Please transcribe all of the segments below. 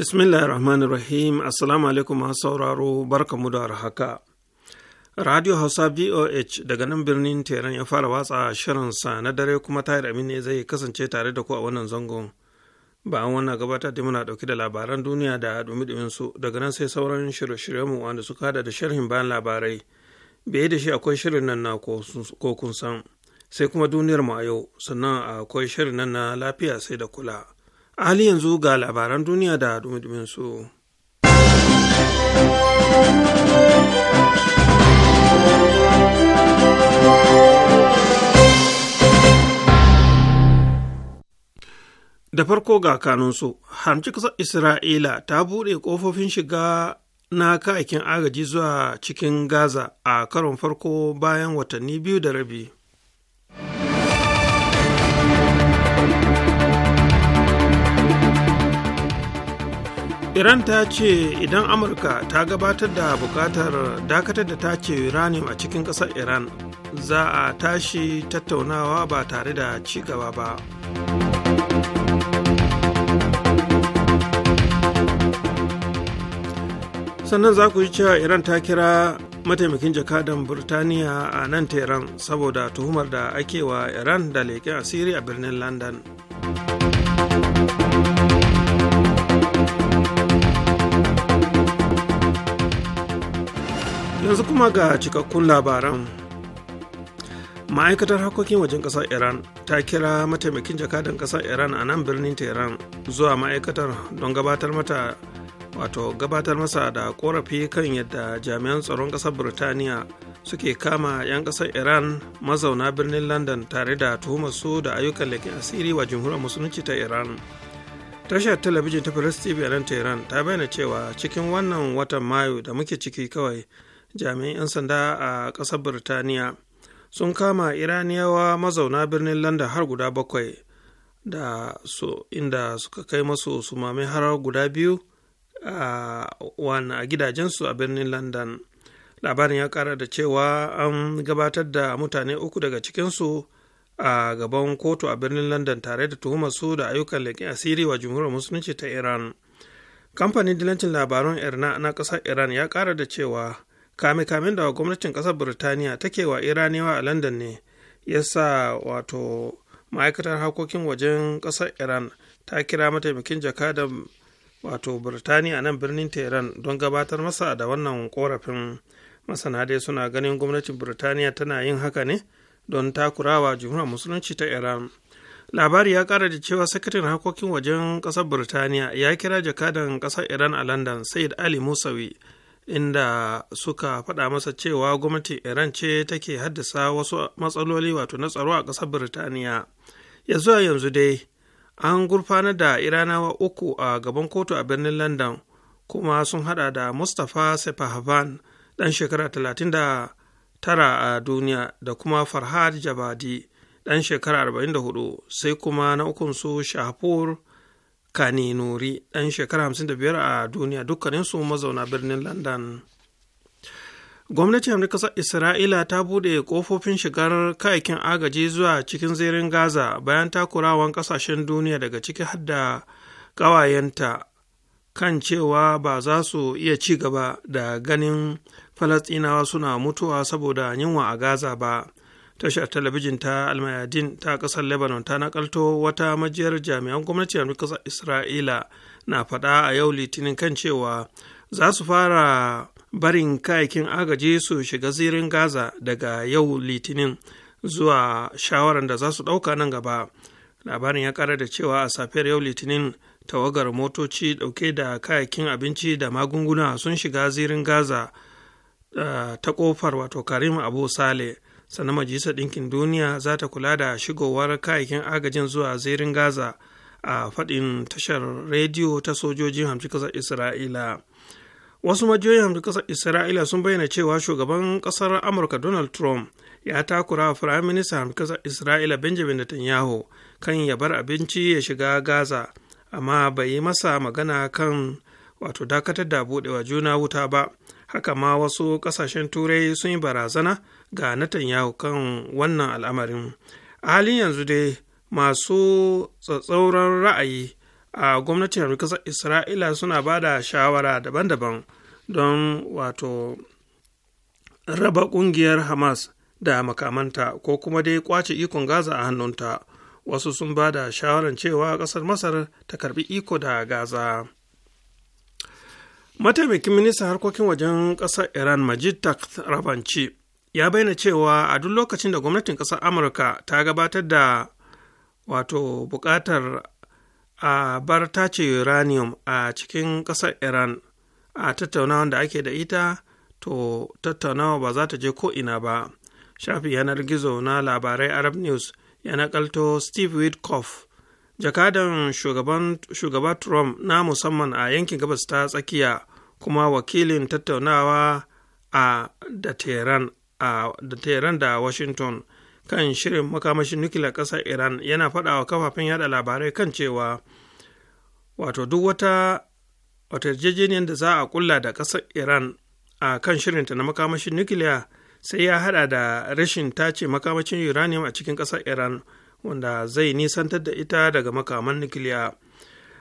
Bismillah rahman rahim Assalamu alaikum masu sauraro barkamu da haka. Radio Hausa VOH daga nan birnin Teran ya fara watsa shirinsa na dare kuma tayar ne zai kasance tare da ku a wannan zangon. Bayan wannan gabatar da muna dauki da labaran duniya da dumi su daga nan sai sauran shirye-shiryenmu wanda suka hada da sharhin bayan labarai. bai da shi akwai shirin nan na ko kun san sai kuma duniyar mu a yau sannan akwai shirin nan na lafiya sai da kula. Ali yanzu ga labaran duniya da dumi su. da farko ga kanunsu harci ƙasar isra'ila ta buɗe ƙofofin shiga na kayakin agaji zuwa cikin gaza a karon farko bayan watanni biyu da rabi iran ta ce idan amurka ta gabatar da bukatar dakatar da ta ce uranium a cikin ƙasar iran za a tashi tattaunawa ba tare da ci gaba ba sannan za ku yi cewa iran ta kira mataimakin jakadan burtaniya a nan tehran saboda tuhumar da ake wa iran da leƙen asiri a birnin london yanzu kuma ga cikakkun labaran ma'aikatar harkokin wajen kasar iran ta kira mataimakin jakadan kasar iran a nan birnin tehran zuwa ma'aikatar don gabatar mata wato gabatar masa da korafi kan yadda jami'an tsaron ƙasar birtaniya suke kama 'yan kasar iran mazauna birnin london tare da tuhumar su da ayyukan leƙen asiri wa jamhuriyar musulunci ta iran tashar talabijin ta firis tv a nan tehran ta bayyana cewa cikin wannan watan mayu da muke ciki kawai jami'an 'yan sanda a ƙasar birtaniya sun kama iraniyawa mazauna birnin london har guda bakwai da su inda suka kai masu sumame har guda biyu a a gidajensu a birnin london labarin ya kara da cewa an gabatar da mutane uku daga cikinsu a gaban kotu a birnin london tare da tuhumar su da ayyukan leƙin asiri wa jamhuriyar musulunci ta iran kamfanin dilancin labaran irna na ƙasar iran ya kara da cewa kame-kamen da gwamnatin ƙasar birtaniya take wa iraniyawa a london ne ya sa wato ma'aikatar harkokin wajen kasar iran ta kira mataimakin jakadan wato birtaniya nan birnin tehran don gabatar masa da wannan korafin masana dai suna ganin gwamnatin birtaniya tana yin haka ne don takurawa jumhuriyar musulunci ta iran labari ya kara da cewa sakataren harkokin wajen kasar birtaniya ya kira jakadan kasar iran a london said ali musawi inda suka faɗa masa cewa gwamnati iran ce take haddasa wasu matsaloli wato na tsaro a ƙasar birtaniya ya zuwa yanzu dai an gurfanar da iranawa uku a gaban kotu a birnin london kuma sun hada da mustapha sefahavan ɗan shekara 39 a duniya da kuma farhad jabadi ɗan shekara 44 sai kuma na ukunsu shahapur kane nori ɗan shekara 55 a duniya dukkaninsu mazauna birnin london gwamnatin amurka isra'ila ta buɗe ƙofofin shigar kayakin agaji zuwa cikin zirin gaza bayan takurawan ƙasashen duniya daga ciki hadda ƙawayenta kan cewa ba za su iya ci gaba da ganin falasɗinawa suna mutuwa saboda yunwa a gaza ba tashar talabijin ta almayadin ta ƙasar lebanon ta nakalto wata majiyar jami'an gwamnati a ƙasar isra'ila na faɗa a yau litinin kan cewa za su fara barin kayakin agaji su shiga zirin gaza daga yau litinin zuwa shawarar da za su ɗauka nan gaba labarin ya ƙara da cewa a safiyar yau litinin tawagar motoci ɗauke da kayakin abinci da magunguna sun shiga zirin gaza eh, ta ƙofar wato karim abu saleh sannan majalisar ɗinkin duniya za ta kula da shigowar kayayyakin agajin zuwa zirin gaza a faɗin tashar rediyo ta sojojin hamshi ƙasar isra'ila wasu majiyoyin hamshi ƙasar isra'ila sun bayyana cewa shugaban ƙasar amurka donald trump ya takura wa firayim minista hamshi ƙasar isra'ila benjamin netanyahu kan ya bar abinci ya shiga gaza amma bai yi masa magana kan wato dakatar da buɗewa juna wuta ba haka ma wasu ƙasashen turai sun yi barazana ga Netanyahu kan wannan al'amarin. A halin yanzu dai masu tsatsauran ra'ayi a gwamnatin ƙasar Isra'ila suna ba da shawara daban-daban don wato raba ƙungiyar Hamas da makamanta ko kuma dai ƙwace ikon Gaza a hannunta. Wasu sun ba da shawarar cewa ƙasar Masar ta karbi iko da Gaza. Mataimakin ministan harkokin wajen ƙasar Iran Majid Takht Rabanci ya bayyana cewa a duk lokacin da gwamnatin ƙasar amurka ta gabatar da wato buƙatar a bar tace uranium a cikin ƙasar iran a tattaunawa da ake da ita to tattaunawa ba za ta je ko'ina ba shafi yanar gizo na labarai arab news ya nakalto steve witkoff jakadan shugaba trump na musamman a yankin gabas ta tsakiya kuma wakilin tattaunawa a da tehran a da da Washington kan shirin makamashin nukiliyar ƙasar Iran yana faɗa wa kafafen yada labarai kan cewa wato duk wata da za a kulla da ƙasar Iran a kan shirinta na makamashin nukiliya sai ya haɗa da rashin tace makamashin uranium a cikin ƙasar Iran wanda zai nisantar da ita daga makaman nukiliya.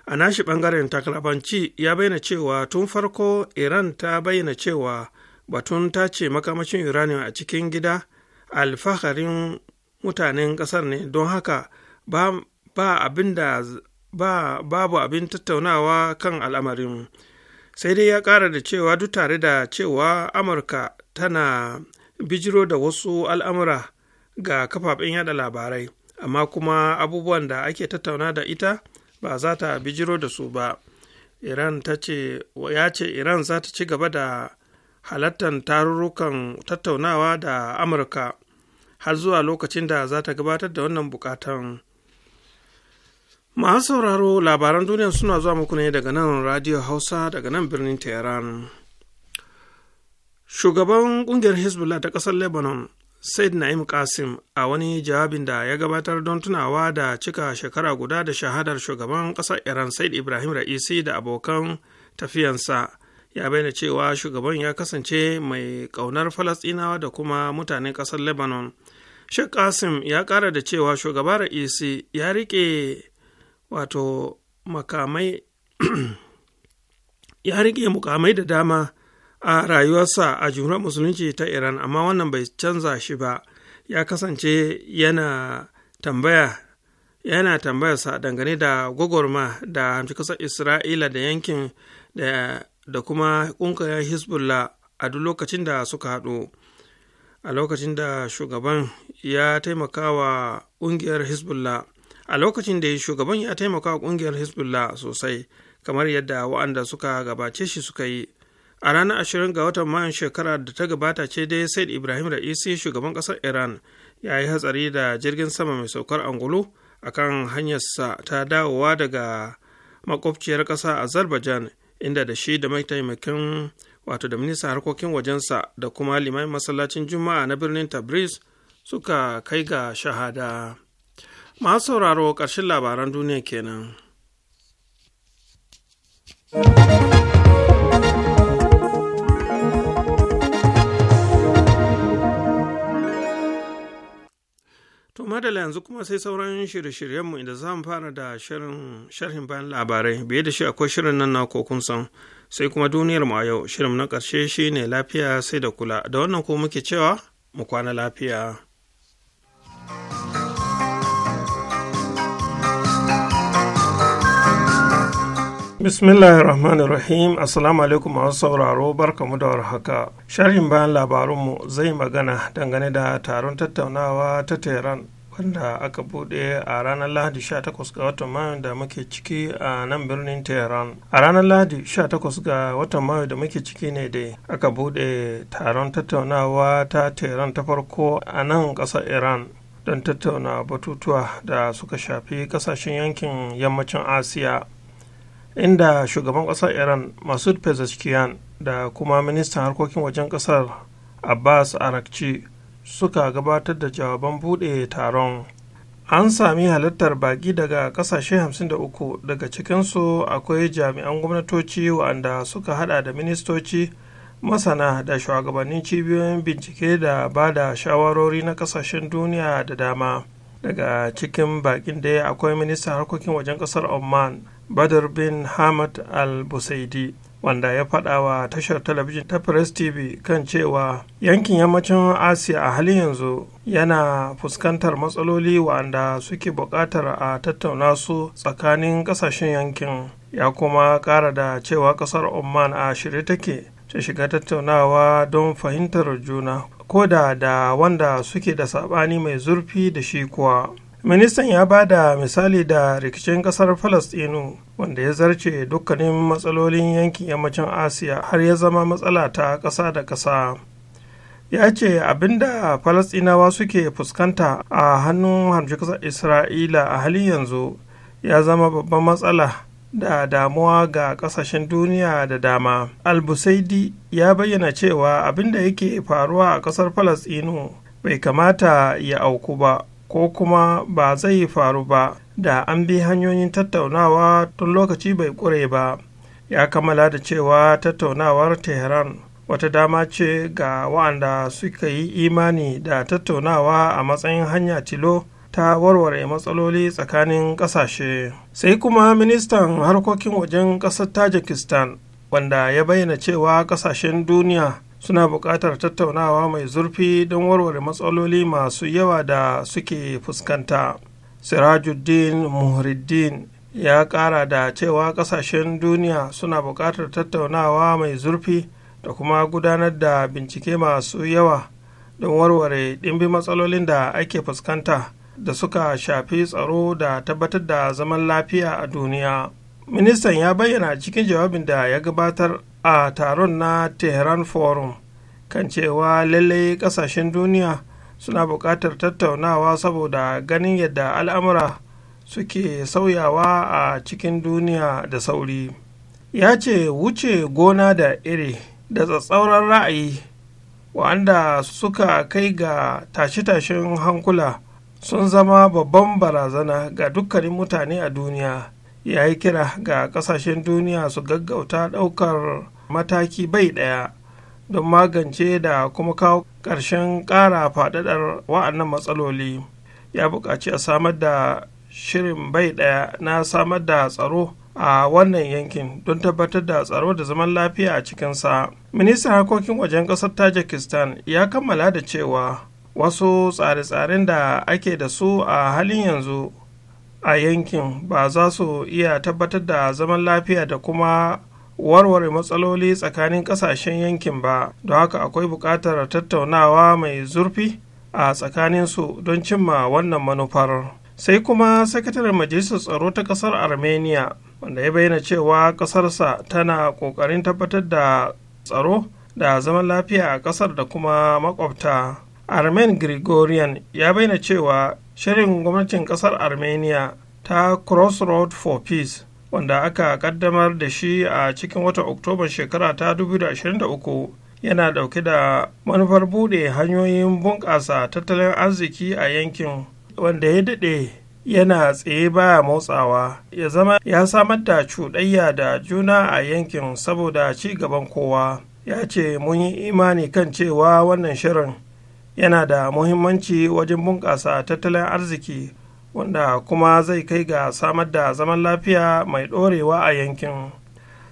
A nashi ɓangaren takalabanci ya bayyana cewa tun farko Iran ta bayyana cewa batun ta ce makamashin uranium a cikin gida alfaharin mutanen ƙasar ne don haka ba, ba abin da ba babu abin tattaunawa kan al'amarin sai dai ya ƙara da cewa duk tare da cewa amurka tana bijiro da wasu al'amura ga kafafen yada labarai amma kuma abubuwan da ake tattauna da ita ba za ta bijiro da su ba iran ta ce ya ce iran za ta ci gaba da halattar tarurrukan tattaunawa da amurka har zuwa lokacin da za ta gabatar da wannan bukatan masu sauraro labaran duniya suna zuwa muku ne daga nan radio hausa daga nan birnin tehran shugaban kungiyar hezbollah ta kasar lebanon said na'im kasim a wani jawabin da ya gabatar don tunawa da cika shekara guda da shahadar shugaban kasar iran said ibrahim ra'isi da abokan tafiyansa ya bayyana cewa shugaban ya kasance mai ƙaunar falasɗinawa da kuma mutanen ƙasar lebanon sheikh qasim ya kara da cewa shugaba ra'isi ya riƙe wato makamai ya riƙe mukamai da dama a rayuwarsa a jumhuriyar musulunci ta iran amma wannan bai canza shi ba ya kasance yana tambaya yana tambayarsa dangane da gwagwarma da hamshi kasar isra'ila da yankin da da kuma ƙungiyar hezbollah a duk lokacin da suka haɗu a lokacin da shugaban ya taimaka wa ƙungiyar hezbollah a lokacin da shugaban ya taimaka wa ƙungiyar hezbollah sosai kamar yadda wa'anda suka gabace shi suka yi a ranar ashirin ga watan mayan shekara da ta gabata ce dai said ibrahim ra'isi shugaban ƙasar iran ya yi hatsari da jirgin sama mai saukar angulu a kan hanyarsa ta dawowa daga makwabciyar ƙasa azerbaijan inda da shi da mataimakin wato da minista harkokin wajensa da kuma limamin masallacin juma'a na birnin tabriz suka kai ga shahada masu sauraro ƙarshen labaran duniya kenan. To madala yanzu kuma sai sauran shirye-shiryenmu inda za mu fara da sharhin bayan labarai biye da shi akwai shirin nan na kun san sai kuma duniyar mu a yau shirin na ƙarshe shine lafiya sai da kula da wannan ko muke cewa mu kwana lafiya. Bismillahirrahmanirrahim. Assalamu alaikum masu sauraro barkamu da warhaka. Sharhin bayan labarunmu zai magana dangane da taron tattaunawa ta Tehran wanda aka bude a ranar Lahadi 18 ga watan Mayu da muke ciki a nan birnin Tehran. A ranar Lahadi 18 ga watan Mayu da muke ciki ne dai aka bude taron tattaunawa ta Tehran ta farko a nan ƙasar Iran. don tattauna batutuwa da suka shafi ƙasashen yankin yammacin asiya inda shugaban ƙasar iran masud pezeshkian da kuma ministan harkokin wajen ƙasar abbas arakci suka gabatar da jawaban buɗe taron an sami halittar baƙi daga ƙasashe 53 daga cikinsu akwai jami'an gwamnatoci wa'anda suka hada da ministoci masana da shugabannin cibiyoyin bincike da ba da shawarori na ƙasashen duniya da dama daga cikin baƙin da akwai ministan harkokin wajen ƙasar oman badar bin hamad al-busaidi wanda ya faɗa wa tashar talabijin ta press tv kan cewa yankin yammacin asiya a halin yanzu yana fuskantar matsaloli wa'anda suke buƙatar a tattauna su tsakanin ƙasashen yankin ya kuma ƙara da cewa ƙasar oman a shirye take ta shiga tattaunawa don fahimtar juna ko da da wanda suke da saɓani mai zurfi da shi kuwa ministan ya ba da misali da rikicin kasar falastinu wanda ya zarce dukkanin matsalolin yankin yammacin asiya har ya zama matsala ta ƙasa da ƙasa ya ce abinda falastinawa suke fuskanta a hannun hamshikasar isra'ila a halin yanzu ya zama babban matsala da damuwa ga kasashen duniya da dama albusaidi ya bayyana cewa abinda yake faruwa a kasar falastinu bai kamata ya auku ba ko kuma ba zai faru ba da an bi hanyoyin tattaunawa tun lokaci bai ƙure ba ya kammala da cewa tattaunawar tehran wata dama ce ga wa'anda suka yi imani da tattaunawa a matsayin hanya tilo ta warware matsaloli tsakanin ƙasashe sai kuma ministan harkokin wajen ƙasar tajikistan wanda ya bayyana cewa ƙasashen duniya suna buƙatar tattaunawa mai zurfi don warware matsaloli masu yawa da suke fuskanta sirajuddin muhriddin ya ƙara da cewa ƙasashen duniya suna buƙatar tattaunawa mai zurfi da kuma gudanar da bincike masu yawa don warware ɗimbi matsalolin da ake fuskanta da suka shafi tsaro da tabbatar da zaman lafiya a duniya ministan ya bayyana cikin jawabin da ya gabatar a taron na tehran forum kan cewa lallai ƙasashen duniya suna buƙatar tattaunawa saboda ganin yadda al'amura suke sauyawa a cikin duniya da sauri ya ce wuce gona da iri da tsatsauran ra'ayi wa'anda suka kai ga tashe-tashen hankula sun zama babban barazana ga dukkanin mutane a duniya ya yi kira ga kasashen duniya su gaggauta ɗaukar mataki bai ɗaya don magance da kuma kawo ƙarshen ƙara faɗaɗar wa'annan matsaloli ya buƙaci a samar da shirin bai ɗaya na samar da tsaro a wannan yankin don tabbatar da tsaro da zaman lafiya a cikinsa ministan harkokin wajen ƙasar tajikistan ya kammala da cewa wasu tsare-tsaren da ake da su a halin yanzu a yankin ba za su iya tabbatar da zaman lafiya da kuma warware matsaloli tsakanin ƙasashen yankin ba don haka akwai buƙatar tattaunawa mai zurfi a tsakanin su don cimma wannan manufar sai kuma sakataren majalisar tsaro ta ƙasar armenia wanda ya bayyana cewa ƙasarsa tana ƙoƙarin tabbatar da tsaro da zaman lafiya a ƙasar da kuma makwabta armen gregorian ya bayyana cewa shirin gwamnatin kasar armenia ta crossroad for peace wanda aka kaddamar da shi a cikin wata Oktoba shekara ta 2023 yana dauke da manufar bude hanyoyin bunƙasa tattalin arziki a yankin wanda ya daɗe yana tsaye baya motsawa ya zama ya samar da cuɗayya da juna a yankin saboda ci gaban kowa ya ce mun yi imani kan cewa wannan shirin yana da muhimmanci wajen bunƙasa tattalin arziki wanda kuma zai kai ga samar da zaman lafiya mai ɗorewa a yankin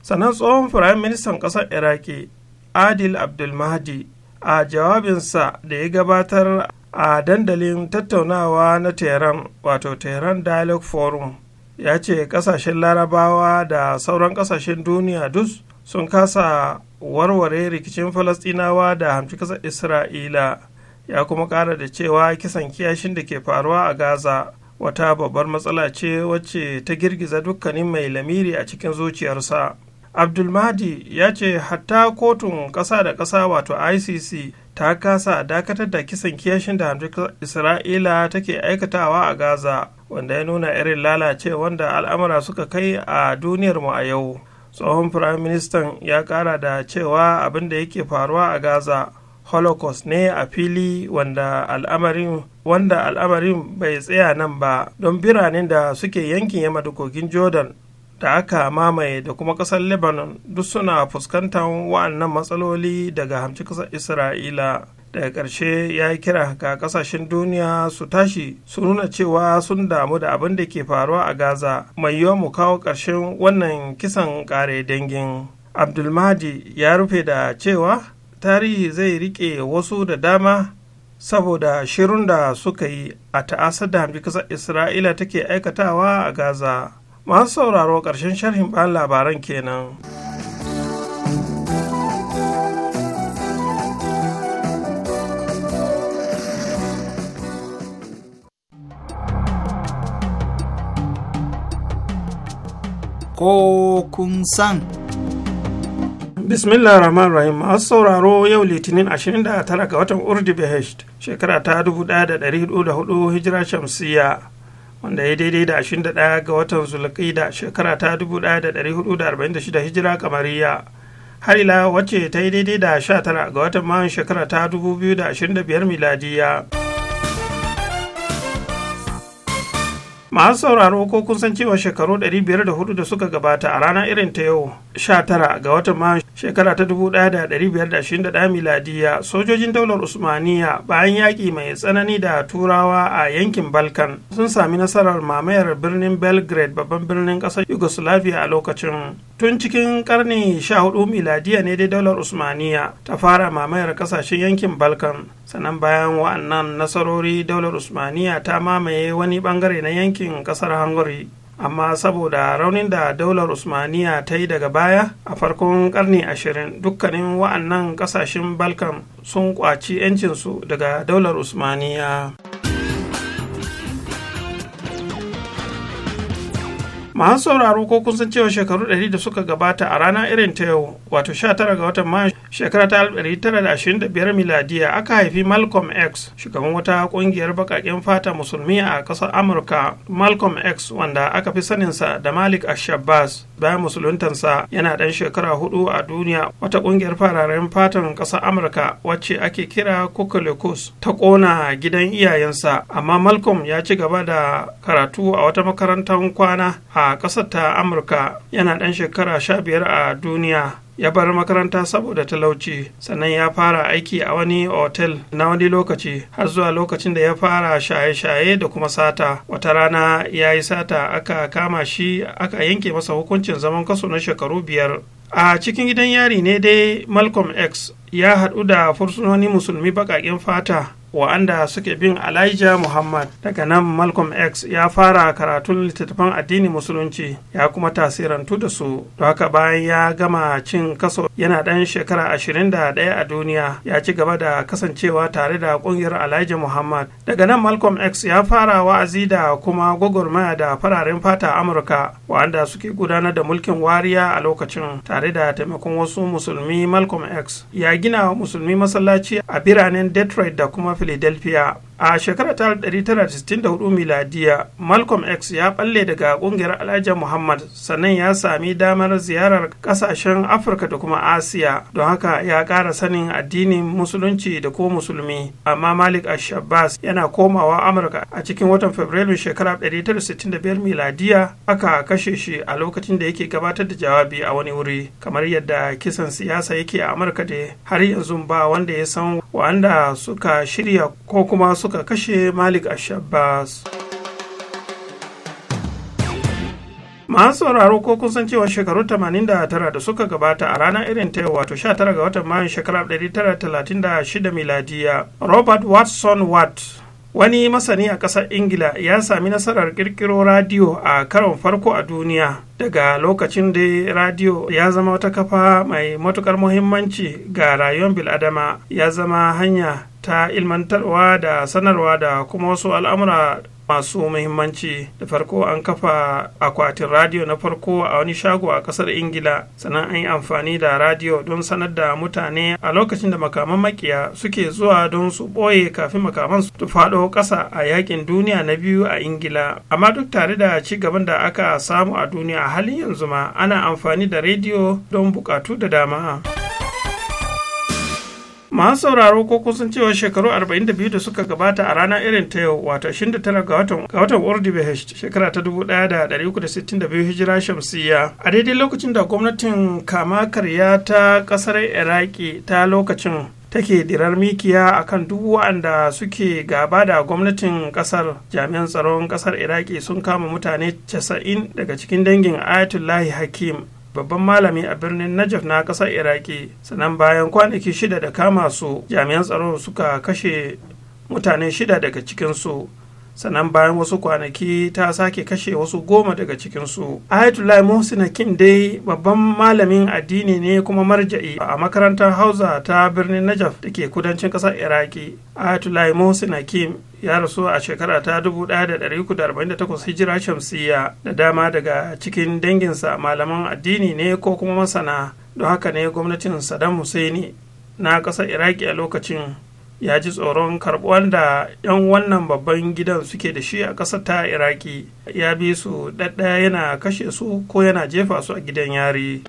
sannan tsohon firayim ministan ƙasar iraki adil abdulmahdi a jawabinsa da ya gabatar a dandalin tattaunawa na tehran wato tehran dialogue forum ya ce ƙasashen larabawa da sauran ƙasashen duniya duk sun kasa warware rikicin Falasɗinawa da hamci kasar isra'ila ya kuma ƙara da cewa kisan kiyashin da ke faruwa a gaza wata babbar matsala ce wacce ta girgiza dukkanin mai lamiri a cikin zuciyarsa abdulmahdi ya ce hatta kotun ƙasa da ƙasa wato icc ta kasa dakatar da kisan kiyashin da isra'ila take aikatawa a gaza wanda ya nuna irin lalace wanda al'amura suka kai a duniyar mu a yau tsohon firayim ministan ya kara da cewa abin da yake faruwa a gaza holocaust ne a fili wanda al'amarin wanda al'amarin bai tsaya nan ba don biranen da suke yankin yamma da kogin jordan da aka mamaye da kuma ƙasar lebanon duk suna fuskantar wa'annan matsaloli daga hamci ƙasar isra'ila daga ƙarshe ya yi kira ga ƙasashen duniya su tashi su nuna cewa sun damu da abin da ke faruwa a gaza mai yiwa mu kawo ƙarshen wannan kisan ƙare dangin Abdulmadi ya rufe da cewa tarihi zai rike wasu da dama saboda shirun da suka yi a ta'asar da hamji kasar isra'ila take aikatawa a gaza masu sauraro ƙarshen sharhin ban labaran kenan. ko kun san. bismillah rahman rahim masu sauraro yau litinin 29 ga watan urdu behesht shekara ta 1404 hijira shamsiya wanda ya daidai da 21 ga watan zulqida shekara ta 1446 hijira kamariya har ila wacce ta yi daidai da 19 ga watan mayun shekara ta 2025 miladiya masu sauraro ko kun san cewa shekaru 504 da suka gabata a rana irin ta yau 19 ga watan mayu shekara ta 1521 miladiya sojojin daular usmaniya bayan yaƙi mai tsanani da turawa a yankin balkan sun sami nasarar mamayar birnin belgrade babban birnin ƙasar yugoslavia a lokacin tun cikin karni 14 miladiya ne dai daular usmaniya ta fara mamayar ƙasashen yankin balkan sannan bayan wa'annan nasarori daular usmaniya ta mamaye wani bangare na yankin ƙasar hungary amma saboda raunin da daular usmaniya ta yi daga baya a farkon karni ashirin dukkanin wa'annan kasashen balkan sun kwaci 'yancinsu daga daular usmaniya masu sauraro ko kun san cewa shekaru 100 da suka gabata a rana irin ta yau wato 19 ga watan mayu shekara ta 1925 miladiya aka haifi malcolm x shugaban wata kungiyar bakaken fata musulmi a kasar amurka malcolm x wanda aka fi saninsa da malik ashabas bayan musuluntansa yana dan shekara hudu a duniya wata kungiyar fararen fatan kasar amurka wacce ake kira kukulikus ta kona gidan iyayensa amma malcolm ya ci gaba da karatu a wata makarantar kwana a ƙasar ta amurka yana ɗan shekara sha biyar a duniya ya bar makaranta saboda talauci sannan ya fara aiki a wani otel na wani lokaci har zuwa lokacin da ya fara shaye-shaye da kuma sata wata rana ya yi sata aka kama shi aka yanke masa hukuncin zaman kaso na shekaru biyar a cikin gidan yari ne dai malcolm x ya haɗu da fursunoni musulmi baƙaƙen fata wa'anda suke bin Elijah Muhammad daga nan Malcolm X ya fara karatun littattafan addini musulunci ya kuma tasirantu da su To haka bayan ya gama cin kaso yana ɗan shekara 21 a duniya ya ci gaba da kasancewa tare da ƙungiyar Elijah Muhammad daga nan Malcolm X ya fara wa'azi da kuma gwagwarmaya da fararen fata Amurka wa'anda suke gudanar da mulkin wariya a lokacin tare da taimakon wasu musulmi Malcolm X ya gina musulmi masallaci a biranen Detroit da kuma philadelphia a shekarar 1964 miladiya malcolm x ya balle daga kungiyar alhaji muhammad sannan ya sami damar ziyarar kasashen afirka da kuma asiya don haka ya ƙara sanin addinin musulunci da ko musulmi amma malik ashabas yana komawa amurka a cikin watan fabrairu shekarar 1965 miladiya aka kashe shi a lokacin da yake gabatar da jawabi a wani wuri kamar yadda kisan siyasa yake a amurka da har yanzu ba wanda ya san wanda suka shirya ko kuma su suka kashe malik ashabbas masu sauraro ko kun san cewa shekaru 89 da suka gabata a ranar irin ta wato 19 ga watan mayun shekarar 1936 miladiya robert watson watt wani masani a ƙasar ingila ya sami nasarar ƙirƙiro radiyo a karon farko a duniya daga lokacin da radiyo ya zama wata kafa mai matukar muhimmanci ga rayuwar biladama ya zama hanya ta ilmantarwa da sanarwa da kuma wasu al'amura masu muhimmanci da farko an kafa akwatin radiyo na farko a wani shago a kasar ingila sannan an yi amfani da radiyo don sanar da mutane a lokacin da makaman makiya suke zuwa don su ɓoye kafin makaman su faɗo ƙasa a yakin duniya na biyu a ingila amma duk tare da ci gaban da aka samu a duniya a halin yanzu ma ana amfani da rediyo don buƙatu da dama. masu sauraro ko kusan cewa shekaru 42 da suka gabata a rana irin ta yau wato 29 ga watan ga shekara ta 1362 hijira shamsiya a daidai lokacin da gwamnatin kama karya ta kasar Iraki ta lokacin take dirar mikiya a kan duk wa'anda suke gaba da gwamnatin kasar jami'an tsaron kasar iraki sun kama mutane 90 daga cikin dangin ayatullahi hakim babban malami a birnin najaf na ƙasar iraki sannan bayan kwanaki shida da kama su jami'an tsaro suka kashe mutane shida daga cikinsu sannan bayan wasu kwanaki ta sake kashe wasu goma daga cikinsu ayatollah muhsin hakim dai babban malamin addini ne kuma marja'i a makarantar hausa ta birnin najaf da ke kudancin ƙasar iraki ayatollah muhsin hakim ya rasu a shekara ta 1948 hijira Shamsiyya. da dama daga cikin danginsa malaman addini ne ko kuma masana don haka ne gwamnatin saddam hussein na ƙasar iraki a lokacin ya ji tsoron karɓuwan da 'yan wannan babban gidan suke da shi a ƙasar ta iraki ya bi su ɗaɗɗaya yana kashe su ko yana jefa su a gidan yari.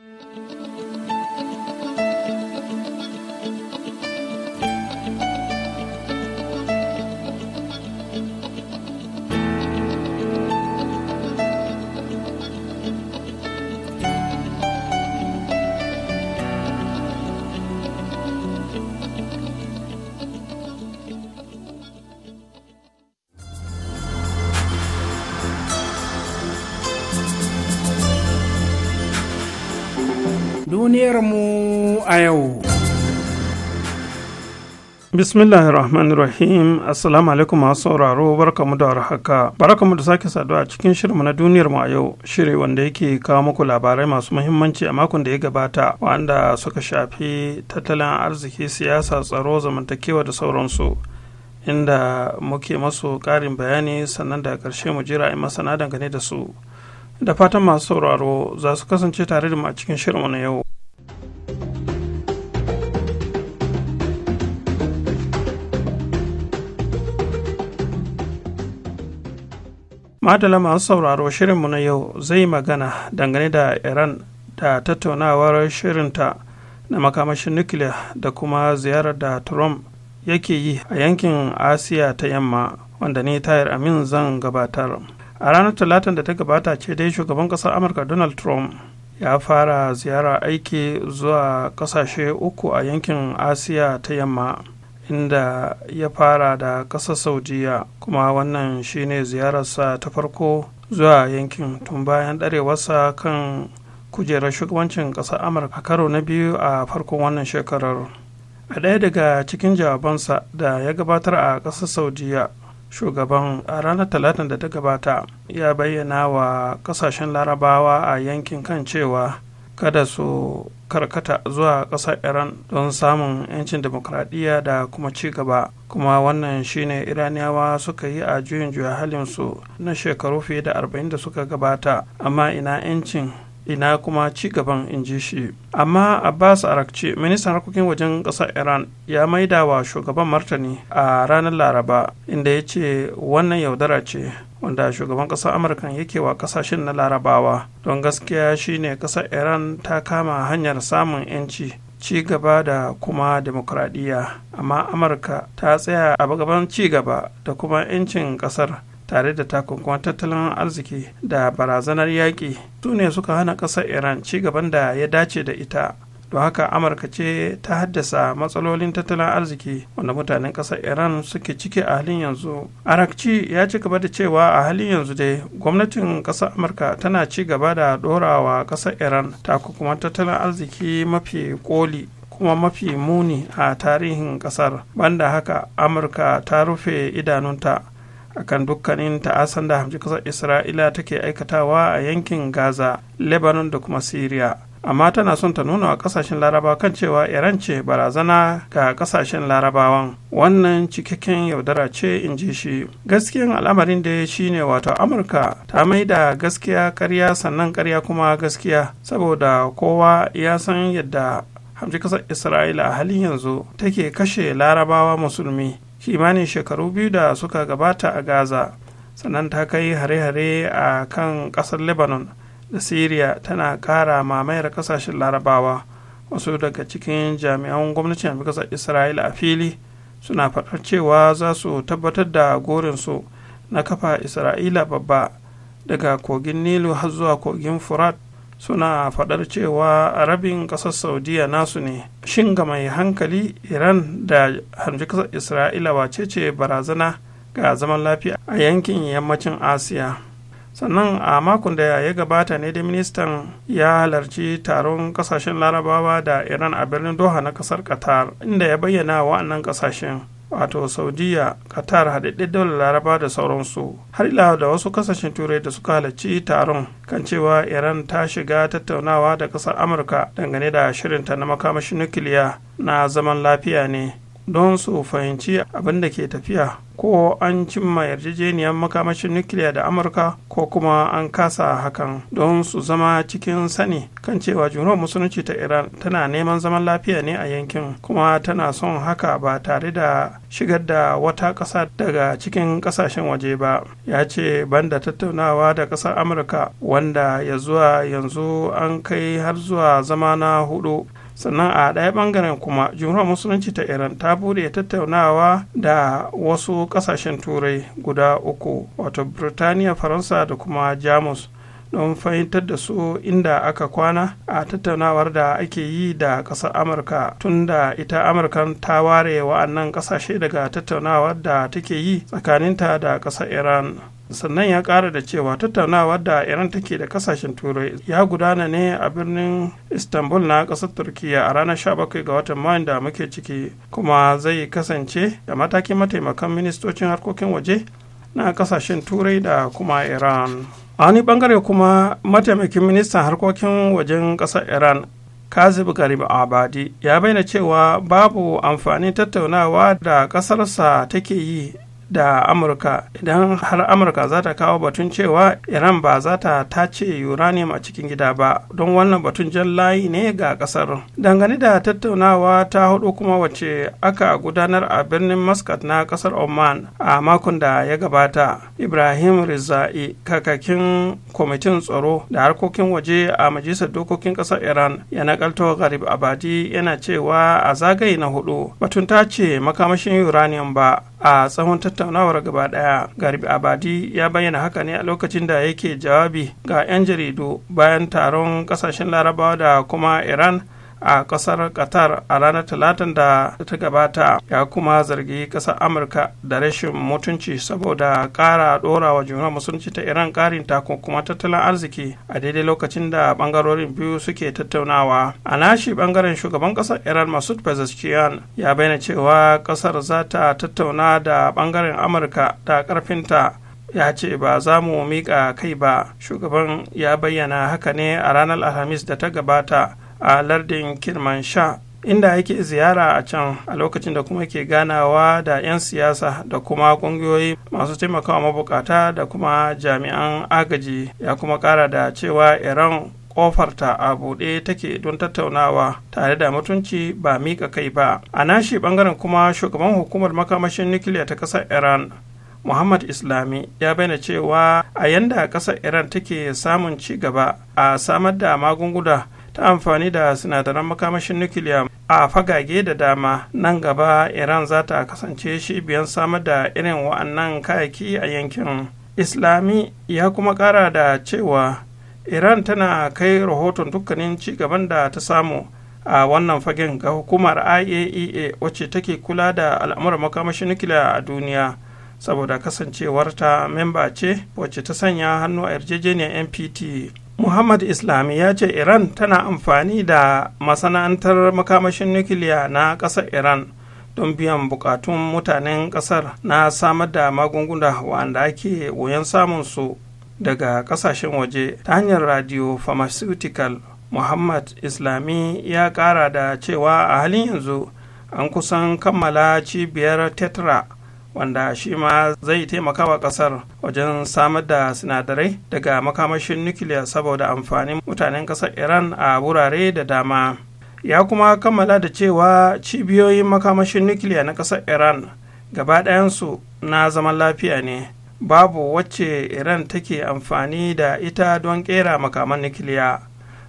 mu a yau. Bismillahir Rahmanir Rahim Assalamu alaikum masu sauraro barkamu da warhaka barkamu da sake saduwa cikin shirinmu na duniyar mu a yau shiri wanda yake kawo muku labarai masu muhimmanci a makon da ya gabata wanda suka shafi tattalin arziki siyasa tsaro zamantakewa da sauransu inda muke masu karin bayani sannan da karshe mu jira in masana dangane da su da fatan masu sauraro za su kasance tare da mu a cikin shirinmu na yau madala masu sauraro shirinmu na yau zai magana dangane da iran da tattaunawar shirinta na makamashin nukiliya da kuma ziyarar da trump yake yi a yankin asiya ta yamma wanda ni tayar amin zan gabatar a ranar talatin da ta gabata ce dai shugaban kasar amurka donald trump ya fara ziyara aiki zuwa kasashe uku a yankin asiya ta yamma inda ya fara da ƙasar saudiya kuma wannan shine ziyararsa ta farko zuwa yankin tun bayan ɗarewarsa kan kujerar shugabancin ƙasar amurka karo na biyu a farkon wannan shekarar a ɗaya daga cikin jawabansa da ya gabatar a ƙasar saudiya shugaban a ranar talatin da ta gabata ya bayyana wa ƙasashen larabawa a yankin kan cewa kada su karkata zuwa ƙasar iran don samun 'yancin demokradiyya da kuma ci gaba kuma wannan shine iraniyawa suka yi a juyin juya halinsu na shekaru fiye da 40 da suka gabata amma ina 'yancin ina kuma ci gaban in ji shi amma abbas arakci ministan harkokin wajen ƙasar iran ya maida wa shugaban martani a ranar laraba inda ya ce wannan yaudara ce wanda shugaban kasar amurka yake wa kasashen na larabawa don gaskiya shine kasar iran ta kama hanyar samun 'yanci ci gaba da kuma demokradiyya amma amurka ta tsaya a gaban ci gaba da kuma 'yancin kasar tare da takunkuman tattalin arziki da barazanar yaƙi su ne suka hana ƙasar iran ci gaban da ya dace da ita don haka amurka ce ta haddasa matsalolin tattalin arziki wanda mutanen ƙasar iran suke ciki a halin yanzu arakci ya ci gaba da cewa a halin yanzu dai gwamnatin ƙasar amurka tana ci gaba da ɗorawa ƙasar iran ta takunkuman tattalin arziki mafi koli kuma mafi muni a tarihin ƙasar banda haka amurka ta rufe idanunta akan dukkanin ta'asan da hamji ƙasar isra'ila take aikatawa a yankin gaza lebanon da kuma syria amma tana son ta nuna wa kasashen laraba kan cewa iran ce barazana ga kasashen larabawan wannan cikakken yaudara ce in ji shi gaskiyan al'amarin da shi ne wato amurka ta mai da gaskiya karya sannan karya kuma gaskiya saboda kowa ya san yadda hamji kasar isra'ila a halin yanzu take kashe larabawa musulmi kimanin shekaru biyu da suka gabata a gaza sannan ta kai hare-hare a kan kasar lebanon da siriya tana kara mamayar kasashen larabawa wasu daga cikin jami'an gwamnatin kasar isra'ila a fili suna faɗar cewa za su tabbatar da gorinsu na kafa isra'ila babba daga kogin nilu har zuwa kogin furat suna faɗar cewa a rabin ƙasar saudiya nasu ne shin ga mai hankali iran da harbi kasar isra'ila wacece barazana ga zaman lafiya a yankin yammacin asiya sannan a makon da ya gabata ne da ministan ya halarci taron kasashen larabawa da iran a birnin doha na kasar qatar inda ya bayyana wa'annan kasashen wato saudiya qatar haɗaɗɗen daular laraba da sauransu har ila da wasu kasashen turai da suka halarci taron kan cewa iran ta shiga tattaunawa da ƙasar amurka dangane da shirinta na makamashin nukiliya na zaman lafiya ne don su fahimci abin da ke tafiya ko an cimma yarjejeniyar makamashin nukiliya da amurka ko kuma an kasa hakan don su zama cikin sani kan cewa juna musulunci ta iran tana neman zaman lafiya ne a yankin kuma tana son haka ba tare da shigar da wata ƙasa daga cikin ƙasashen waje ba ya ce banda tattaunawa da ƙasar amurka wanda ya zuwa yanzu an kai har zuwa zama na hudu sannan a ɗaya ɓangaren kuma jumhuriyar musulunci ta iran ta bude tattaunawa da wasu ƙasashen turai guda uku wato birtaniya faransa da kuma jamus don fahimtar da su inda aka kwana a tattaunawar da ake yi da ƙasar amurka tunda ita amurkan ta ware wa'annan ƙasashe daga tattaunawar da take yi tsakaninta da ƙasar iran sannan ya kara da cewa tattaunawa da iran take da kasashen turai ya gudana ne a birnin istanbul na kasar turkiya a ranar 17 ga watan mayu da muke ciki kuma zai kasance da matakin mataimakan ministocin harkokin waje na kasashen turai da kuma iran a wani bangare kuma mataimakin ministan harkokin wajen ƙasar iran kazib garib abadi ya bayyana cewa babu amfanin tattaunawa da kasarsa take yi da amurka idan har amurka za ta kawo batun cewa iran ba za ta tace uranium a cikin gida ba don wannan batun jan layi ne ga kasar dangane da tattaunawa ta hudu kuma wace aka gudanar a birnin muscat na kasar oman a makon da ya gabata ibrahim rizai kakakin kwamitin tsaro da harkokin waje a majalisar dokokin kasar iran ya nakalto garib abadi yana cewa a zagaye na hudu batun tace makamashin uranium ba a tsawon tattaunawar gaba ɗaya garbi abadi ya bayyana haka ne a lokacin da yake jawabi ga 'yan jaridu bayan taron ƙasashen larabawa da kuma iran a kasar qatar a ranar talatin da ta gabata ya kuma zargi kasar amurka da rashin mutunci saboda kara dora wa juna musulunci ta iran karin kuma tattalin arziki a daidai lokacin da bangarorin biyu suke tattaunawa a nashi bangaren shugaban kasar iran masud pezeshkian ya bayyana cewa kasar za ta tattauna da bangaren amurka da karfinta ya ce ba za mu miƙa kai ba shugaban ya bayyana haka ne a ranar alhamis da ta gabata a lardin Kirman Sha inda yake ziyara a can a lokacin da kuma ke ganawa da 'yan siyasa da kuma kungiyoyi masu taimakawa mabukata da kuma jami'an agaji ya kuma kara da cewa iran ƙofarta a buɗe take don tattaunawa tare da mutunci ba mika kai ba a nashi ɓangaren kuma shugaban hukumar makamashin nukiliya ta ƙasar iran Muhammad Islami ya bayyana cewa a yanda ƙasar Iran take samun ci gaba a samar da magunguna ta amfani da sinadaran makamashin nukiliya a fagage da dama nan gaba iran za ta kasance shi biyan samar da irin wa'annan kayaki a yankin islami ya kuma kara da cewa iran tana kai rahoton dukkanin cigaban da ta samu a wannan fagen ga hukumar iaea e wacce take kula da al'amuran makamashin nukiliya a duniya saboda kasancewarta memba ce wacce ta sanya hannu a yarjejeniyar npt muhammad islami ya ce iran tana amfani da masana'antar makamashin nukiliya na ƙasar iran don biyan bukatun mutanen ƙasar na samar da magunguna wanda ake wuyan su daga ƙasashen waje ta hanyar radio pharmaceutical muhammad islami ya ƙara da cewa a halin yanzu an kusan kammala cibiyar tetra wanda shi ma zai taimaka wa kasar wajen samar da sinadarai daga makamashin nukiliya saboda amfanin mutanen kasar iran a wurare da dama ya kuma kammala da cewa cibiyoyin makamashin nukiliya na kasar iran gaba ɗayansu na zaman lafiya ne babu wacce iran take amfani da ita don ƙera makaman nukiliya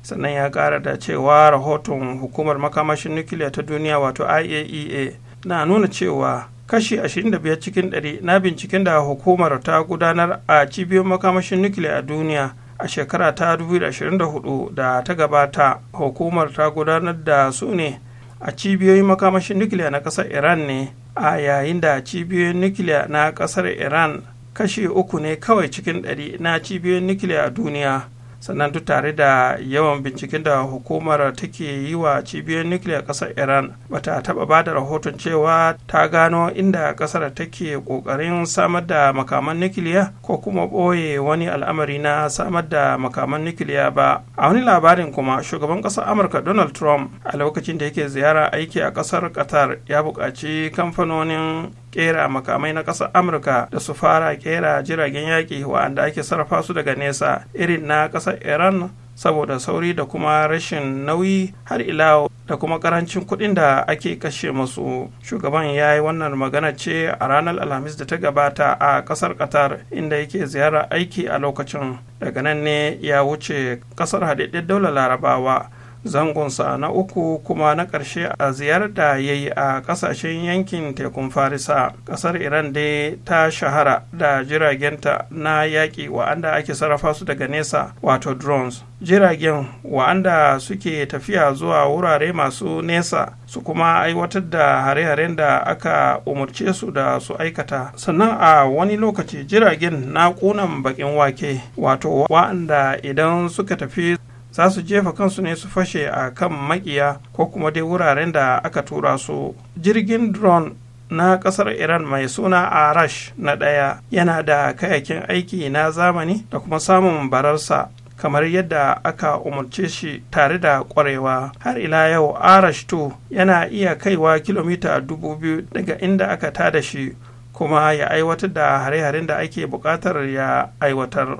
sannan ya ƙara da cewa rahoton hukumar makamashin nukiliya ta duniya wato iaea e na nuna cewa kashi 25 cikin 100 na binciken da hukumar ta gudanar a cibiyoyin makamashin nukiliya a duniya a shekara ta 2024 da ta gabata hukumar ta gudanar da su ne a cibiyoyin makamashin nukiliya na ƙasar iran ne a yayin da cibiyoyin nukiliya na ƙasar iran kashi uku ne kawai cikin ɗari na cibiyoyin nukiliya a duniya sannan duk tare da yawan binciken da hukumar take yi wa cibiyar nukiliyar ƙasar iran bata taba ba da rahoton cewa ta gano inda ƙasar take ƙoƙarin samar da makaman nukiliya ko kuma ɓoye wani al'amari na samar da makaman nukiliya ba a wani labarin kuma shugaban ƙasar amurka donald trump a lokacin da yake ziyara aiki a ƙasar qatar ya buƙaci kamfanonin kera makamai na ƙasar amurka da su fara kera jiragen yaƙi wa'anda ake sarrafa su daga nesa irin na ƙasar iran saboda sauri da kuma rashin nauyi har ila da kuma karancin kuɗin da ake kashe masu shugaban ya yi wannan magana ce a ranar alhamis da ta gabata a ƙasar qatar inda yake ziyarar aiki a lokacin daga nan ne ya wuce ƙasar haɗaɗɗen daular larabawa zangonsa na uku kuma na ƙarshe a ziyarar da ya yi a ƙasashen yankin tekun farisa ƙasar iran dai ta shahara da jiragenta na yaƙi wa'anda ake sarrafa su daga nesa wato drones jiragen wa'anda suke tafiya zuwa wurare masu nesa su kuma aiwatar da hare-haren da aka umarce su da su aikata sannan a wani lokaci jiragen na kunan baƙin wake wato wa'anda idan suka tafi za su jefa kansu ne su fashe a kan makiya ko kuma dai wuraren da aka tura su jirgin drone na kasar iran mai suna arash na ɗaya yana da kayakin aiki na zamani da kuma samun bararsa kamar yadda aka umarce shi tare da kwarewa har ila yau arash 2 yana iya kaiwa kilomita 2000 daga inda aka tada shi kuma ya aiwatar da hare-haren da ake buƙatar ya aiwatar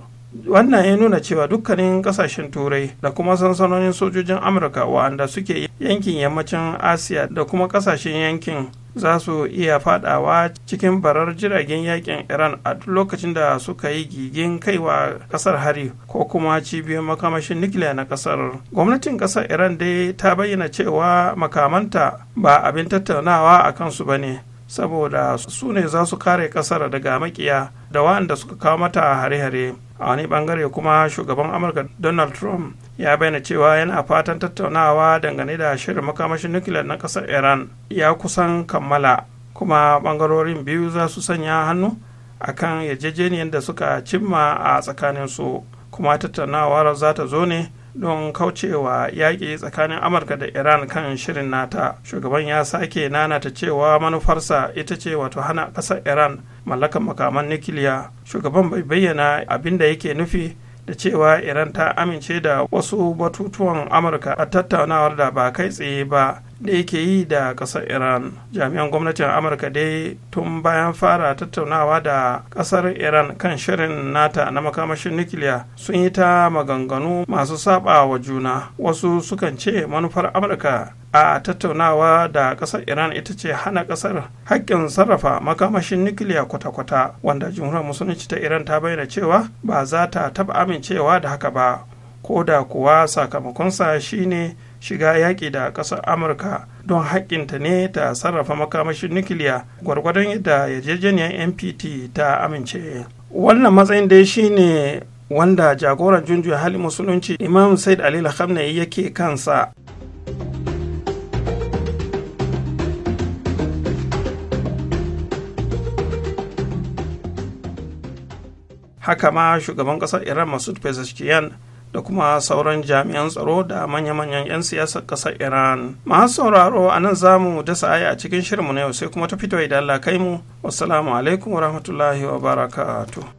wannan ya nuna cewa dukkanin kasashen turai da kuma sansanonin sojojin amurka wa'anda suke yankin yammacin asiya da kuma kasashen yankin za su iya fadawa cikin barar jiragen yakin iran a duk lokacin da suka yi gigin kaiwa kasar hari ko kuma cibiyar makamashin nukiliya na kasar gwamnatin kasar iran dai ta bayyana cewa makamanta ba abin tattaunawa a kansu ba ne saboda su ne za su kare kasar daga makiya da waɗanda suka kawo mata a hare-hare a wani bangare kuma shugaban amurka donald trump ya bayyana cewa yana fatan tattaunawa dangane da shirin makamashin nukiliyar na ƙasar iran ya kusan kammala kuma bangarorin biyu za su sanya hannu a akan yarjejeniyar da suka cimma a tsakaninsu kuma tattaunawar za ta zo ne don kaucewa yaƙi tsakanin amurka da iran kan shirin nata shugaban ya sake nanata cewa manufarsa ita ce wato hana ƙasar iran mallakan makaman nukiliya shugaban bai bayyana abin da yake nufi da cewa iran ta amince da wasu batutuwan amurka a tattaunawar da ba kai tsaye ba da yake yi da ƙasar iran jami'an gwamnatin amurka dai tun bayan fara tattaunawa da ƙasar iran kan shirin nata na makamashin nukiliya sun yi ta maganganu masu saba wa juna wasu sukan ce manufar amurka a tattaunawa da ƙasar iran ita ce hana ƙasar hakkin sarrafa makamashin nukiliya kwata-kwata wanda jumhuriyar musulunci ta iran ta bayyana cewa ba za ta taɓa amincewa da haka ba ko da kuwa sakamakonsa shine shiga yaƙi da ƙasar amurka don haƙƙinta ne ta sarrafa makamashin nukiliya gwargwadon yadda yarjejeniyar npt ta amince wannan matsayin dai shine wanda jagoran junjuya hali musulunci imam said ali khamnai yake kansa haka ma shugaban ƙasar iran masud pezeshkian da kuma sauran jami'an tsaro da manya-manyan 'yan siyasar ƙasar iran masu sauraro a nan za mu dasa aya a cikin shirinmu na yau sai kuma ta fito idan Allah kai mu wasu alaikum wa wabarakatuh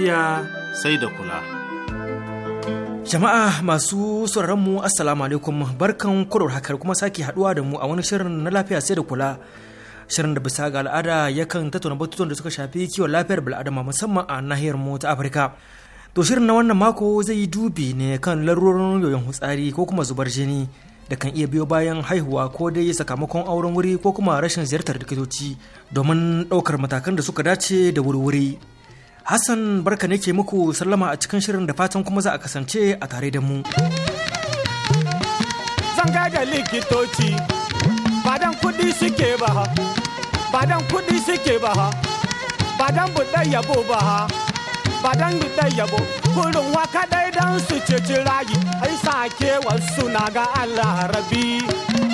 lafiya sai da kula. Jama'a masu sauraron mu Assalamu alaikum barkan kurar hakar kuma sake haduwa da mu a wani shirin na lafiya sai da kula. Shirin da bisa ga al'ada yakan tattauna batutuwan da suka shafi kiwon lafiyar bil'adama musamman a nahiyar mu ta Afirka. To shirin na wannan mako zai yi dubi ne kan larurorin yoyon hutsari ko kuma zubar jini da kan iya biyo bayan haihuwa ko dai sakamakon auren wuri ko kuma rashin ziyartar likitoci domin ɗaukar matakan da suka dace da wuri-wuri. Hassan barka ne ke muku sallama a cikin shirin da fatan kuma za a kasance a tare da mu. Zanga da likitoci, badan kudi suke ba ha, badan kudi suke ba ha, badan buɗe yabo ba ha, badan buɗe yabo, kurin waka don su ceci rayu, ai sake wasu na ga Allah rabi.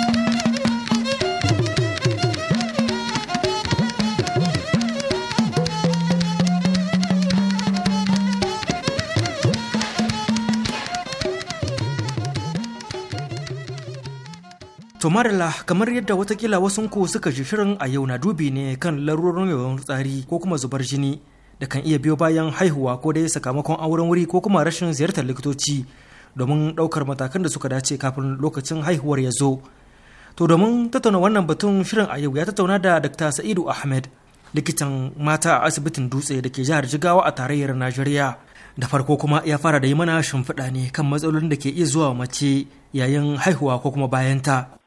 To marala kamar yadda watakila ku suka ji shirin a yau na dubi ne kan larurorin yawan tsari ko kuma zubar jini da kan iya biyo bayan haihuwa ko dai sakamakon auren wuri ko kuma rashin ziyartar likitoci domin ɗaukar matakan da suka dace kafin lokacin haihuwar ya zo. To domin tattauna wannan batun shirin a yau ya tattauna da Dr. Sa'idu Ahmed likitan mata a asibitin dutse da ke jihar Jigawa a tarayyar Najeriya. Da farko kuma ya fara da yi mana shimfiɗa ne kan matsalolin da ke iya zuwa mace yayin haihuwa ko kuma bayan ta?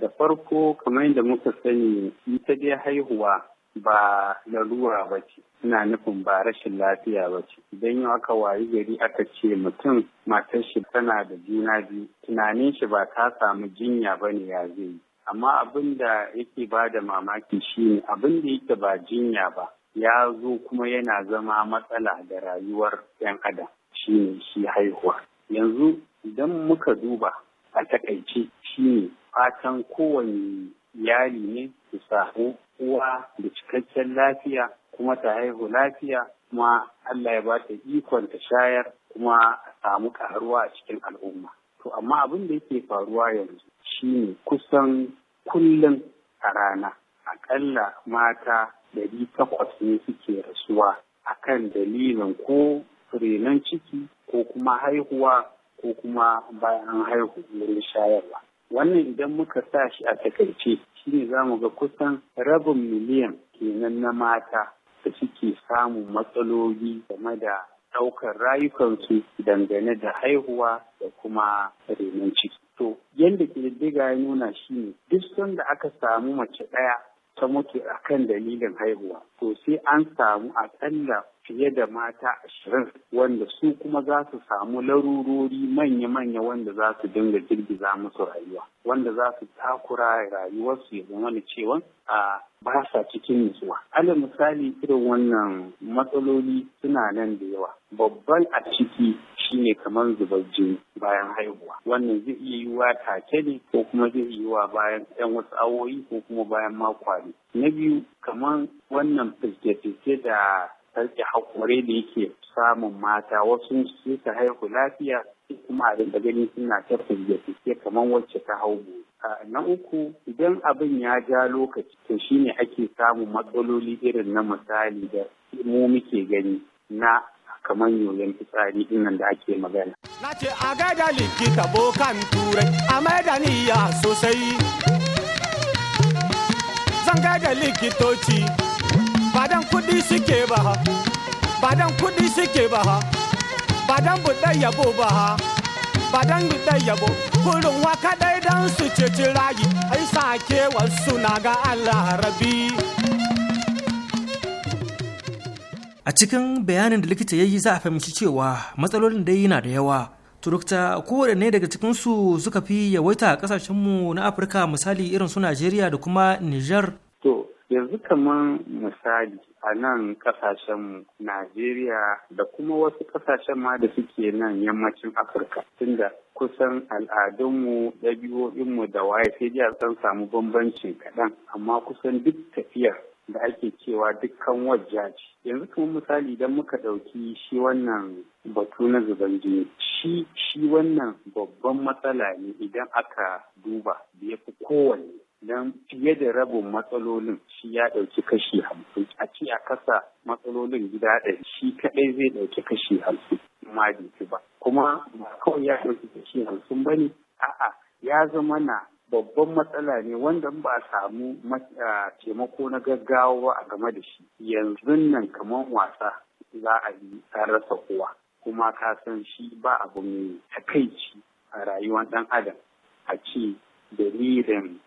Da farko kamar yadda muka sani ita dai haihuwa ba larura ba ce, ina nufin ba rashin lafiya ba ce. Idan yau aka wayi gari aka ce mutum matar shi tana da juna biyu, tunanin shi ba ta samu jinya ba ne ya zai yi. Amma abin da yake ba da mamaki shine abin da yake ba jinya ba, ya zo kuma yana zama matsala da rayuwar 'yan adam shine shi haihuwa. Yanzu idan muka duba a takaice shine fatan kowane iyali ne su samu uwa da cikakken lafiya kuma ta haihu lafiya kuma Allah ya bata ikon ta shayar kuma a samu karuwa a cikin al'umma. To amma abin da yake faruwa yanzu shine kusan kullum a rana akalla mata ɗari takwas ne suke rasuwa akan dalilin ko renon ciki ko kuma haihuwa ko kuma bayan an haihu wurin shayarwa wannan idan muka sa shi a takaice shi ne za mu ga kusan rabin miliyan kenan na mata da suke samun matsaloli game da ɗaukar rayukansu dangane da haihuwa da kuma renon ciki. To, yadda ƙididdiga ya nuna shi ne, duk sanda aka samu mace ɗaya ta mutu akan dalilin haihuwa, to sai an samu aƙalla fiye da mata ashirin wanda su kuma za su samu larurori manya-manya wanda za su dinga girgiza musu rayuwa wanda za su takura rayuwarsu ya zama da cewa a ba sa cikin nutsuwa. Alal misali irin wannan matsaloli suna nan da yawa. Babban a ciki shine kamar zubar jini bayan haihuwa. Wannan zai iya yiwuwa take ne ko kuma zai yiwuwa bayan 'yan wasu awoyi ko kuma bayan makwari, Na biyu kamar wannan fiske-fiske da sarki haƙure da yake samun mata wasu ta haihu lafiya kuma a rinka gani suna ta ke kamar wacce ta hau na uku idan abin ya ja lokaci to shi ne ake samun matsaloli irin na misali da mu muke gani na kamar yoyon fitsari dinnan da ake magana. Na ce a gaida likita bokan turai a maida ya sosai. Zan gaida likitoci ba dan suke ba ha ba dan suke ba ha ba dan buɗe yabo ba ha ba dan buɗe yabo kurin waka dai dan su ceci rayu ai sake wasu na ga Allah rabi a cikin bayanin da likita ya yi za a fahimci cewa matsalolin dai yana da yawa turukta kowaɗanne daga cikinsu suka fi yawaita a ƙasashenmu na afirka misali irin su najeriya da kuma niger yanzu kamar misali a nan kasashen najeriya da kuma wasu kasashen ma da suke nan yammacin afirka tunda kusan al'adunmu ɗabi'o'inmu da waye sai dai a samu bambancin kaɗan amma kusan duk tafiyar da ake cewa dukkan wajja ce yanzu kuma misali idan muka ɗauki shi wannan batu na zuban jini shi shi wannan babban matsala ne idan aka duba da ya fi kowanne don fiye da rabin matsalolin shi ya ɗauki kashi hamsin a ce a kasa matsalolin gida ɗaya. shi kaɗai zai ɗauki kashi hamsin ma ba kuma ba kawai ya ɗauki kashi hamsin ba ne a'a ya zama na babban matsala ne wanda ba a samu taimako na gaggawa a game da shi yanzu nan kamar wasa za a yi an rasa kowa kuma ka san shi ba abu mai takaici a rayuwar ɗan adam a ce dalilin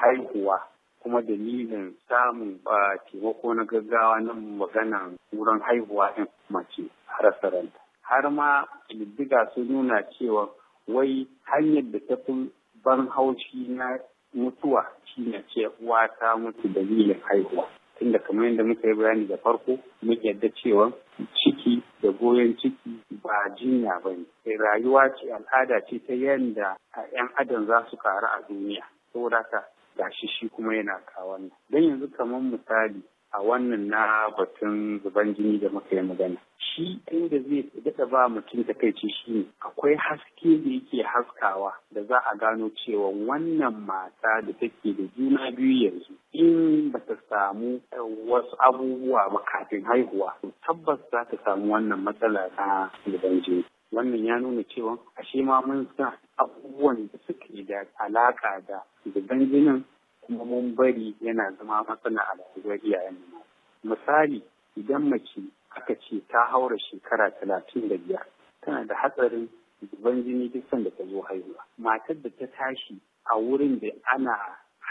haihuwa kuma dalilin samun ba taimako na gaggawa na maganan wurin haihuwa ɗin mace rasa ranta. Har ma ƙididdiga sun nuna cewa wai hanyar da ta fi ban haushi na mutuwa shine ce uwa ta mutu dalilin haihuwa. Tunda kamar yadda muka yi bayani da farko muke yadda cewa ciki da goyon ciki ba jinya ba ne. Rayuwa ce al'ada ce ta yadda 'yan adam za su karu a duniya. Saboda haka gashi shi kuma yana kawan don yanzu kamar misali a wannan na batun zuban jini da muka yi magana shi inda zai daɗa ba mutum takaici shi ne akwai haske da yake haskawa da za a gano cewa wannan mata da take da juna biyu yanzu in ba ta samu eh, wasu abubuwa ba kafin haihuwa tabbas za ta samu wannan matsala na zuban jini wannan ya nuna cewa a shi ma mun sa abubuwan da suke da alaka da zuban jinin kuma mun bari yana zama matsala a lafiyar iyayen mu misali idan mace aka ce ta haura shekara talatin da biyar tana da hatsarin zuban jini duk sanda ta zo haihuwa matar da ta tashi a wurin da ana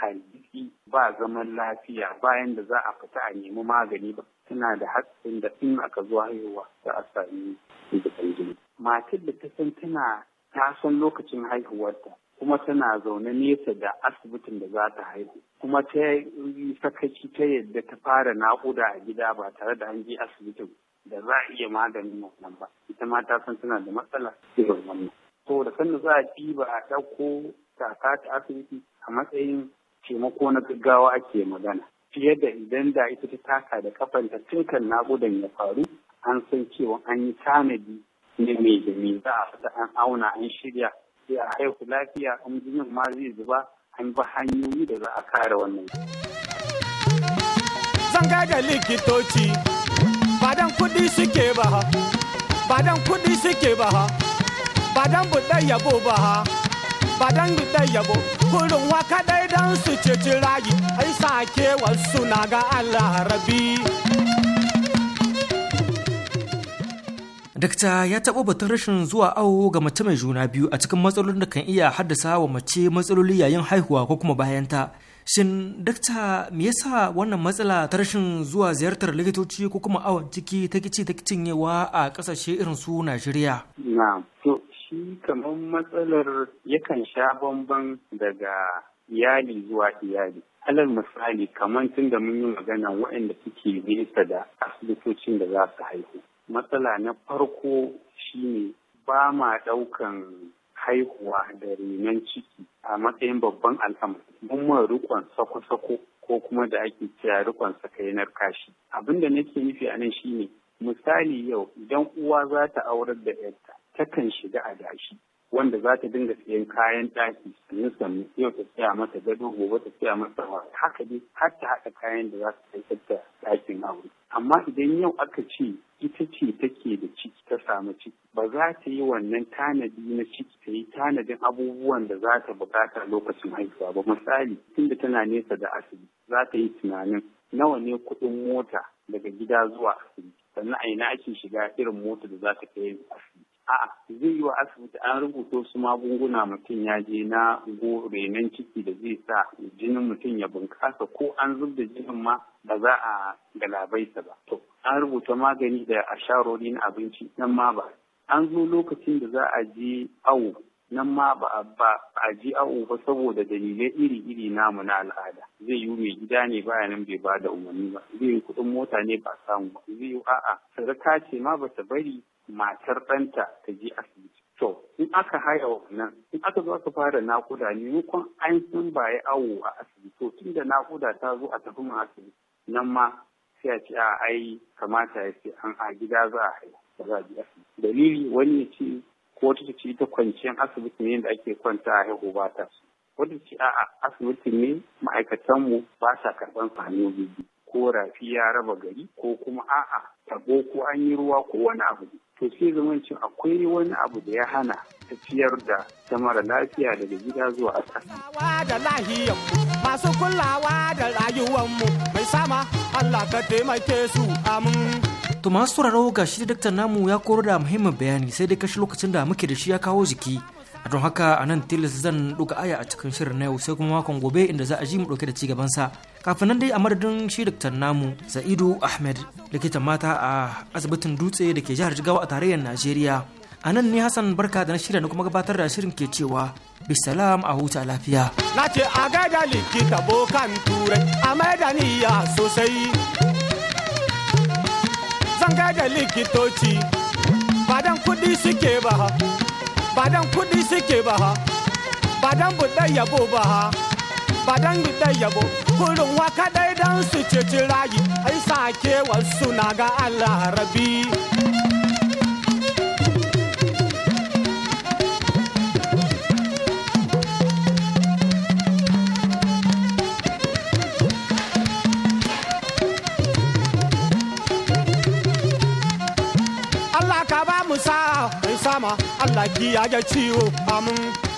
hargitsi ba zaman lafiya bayan da za a fita a nemi magani ba tana da hatsarin da in aka zo haihuwa za a sami zuban jini matar da ta san tana ta san lokacin haihuwarta kuma tana zaune nesa da asibitin da za ta haihu kuma ta yi sakaci ta yadda ta fara naƙuda a gida ba tare da an je asibitin da za a iya maganin wannan ba ita ma ta san tana da matsala irin wannan saboda sanda za a ba a ɗauko kaka ta asibiti a matsayin taimako na gaggawa ake magana fiye da idan da ita ta taka da kafanta tun kan naƙudan ya faru an san cewa an yi tanadi ne mai da za a fita an auna an shirya sai a haihu lafiya an jinin ma zai zuba an bi hanyoyi da za a kare wannan. Zan gaga likitoci badan kudi suke ba ha badan kudi suke ba ha badan buɗe yabo ba ha badan buɗe yabo kurin waka dai dan su ceci rayi ai sake wasu na ga Allah rabi. Dakta ya taɓa batun rashin zuwa awo ga mace mai juna biyu a cikin matsalolin da kan iya haddasa wa mace matsaloli yayin haihuwa ko kuma bayan ta. Shin dakta me yasa wannan matsala ta rashin zuwa ziyartar likitoci ko kuma awon ciki ta kici ta cinyewa a ƙasashe irin su Najeriya? Na'am. To shi kamar matsalar yakan sha bamban daga iyali zuwa iyali. alal misali kamar tun da mun yi magana waɗanda suke nesa da asibitocin da za su haihu matsala na farko shine ba ma ɗaukan haihuwa da renon ciki a matsayin babban al'amari mun ma rikon sako-sako ko kuma da ake cewa rikon sakainar kashi abin da nake nufi a nan shine misali yau idan uwa za ta aurar da yarta takan shiga a dashi wanda za ta dinga siyan kayan ɗaki sannan sannu yau ta siya masa gado gobe ta siya masa haka dai har ta haɗa kayan da za ta kai ta ɗakin aure amma idan yau aka ce ita ce take da ciki ta samu ciki ba za ta yi wannan tanadi na ciki ta yi tanadin abubuwan da za ta bukata lokacin haihuwa ba misali da tana nesa da asibiti za ta yi tunanin nawa ne kuɗin mota daga gida zuwa asibiti sannan a ina ake shiga irin mota da za ta kai asibiti A'a zai yi wa asibiti an rubuta su magunguna mutum ya je na renon ciki da zai sa jinin mutum ya bunƙasa ko an zub da jinin ma ba za a galabaita ba. To an rubuta magani da a sharori na abinci nan ma ba. An zo lokacin da za a je awo nan ma ba a ji awo ba saboda dalilai iri-iri namu na al'ada zai yi mai gida ne baya nan bai ba da umarni ba zai yi kuɗin mota ne ba samu ba zai yi a'a sadaka ce ma ba ta bari matar ɗanta ta je asibiti. To, in aka haya wannan, in aka zo aka fara nakuda maimakon an san ba ya awo a asibiti, to tun da nakuda ta zo a tafi ma asibiti, nan ma sai a ce a ai kamata ya ce an a gida za a haya, ba za a je asibiti. Dalili wani ya ce ko wata ta ce ta kwanciyar asibiti ne da ake kwanta a haihu ba ta su. Wata ce a asibiti ne ma'aikatanmu ba sa karɓar sami ko rafi ya raba gari ko kuma a'a tabo ko an yi ruwa ko wani abu to sai zaman cin akwai wani abu da ya hana tafiyar da ta mara lafiya daga gida zuwa asibiti. da lahiyar masu kulawa da rayuwanmu mai sama Allah ka taimake su amin. To masu sauraro ga shi daktar namu ya koro da muhimmin bayani sai dai kashi lokacin da muke da shi ya kawo jiki. A don haka a nan tilis zan ɗuga aya a cikin shirin na yau sai kuma makon gobe inda za a ji mu ɗauke da cigaban sa. kafin nan dai a madadin shi daktar namu sa'idu ahmed likitan mata a asibitin dutse da ke jihar jigawa a tarayyar najeriya a nan ne hassan barka da na shirya na kuma gabatar da shirin ke cewa bisalam a huta lafiya nace ce a gaida likita bokan turai a maidaniya sosai zan gaida likitoci badan kudi suke ba badan kudi suke ba badan buɗe yabo ba ba dan da yabo kurin waka dai dan su ceci rayi ai sake wasu na ga Allah rabi Allah ka ba mu sa mai sama Allah ki ya ciwo amin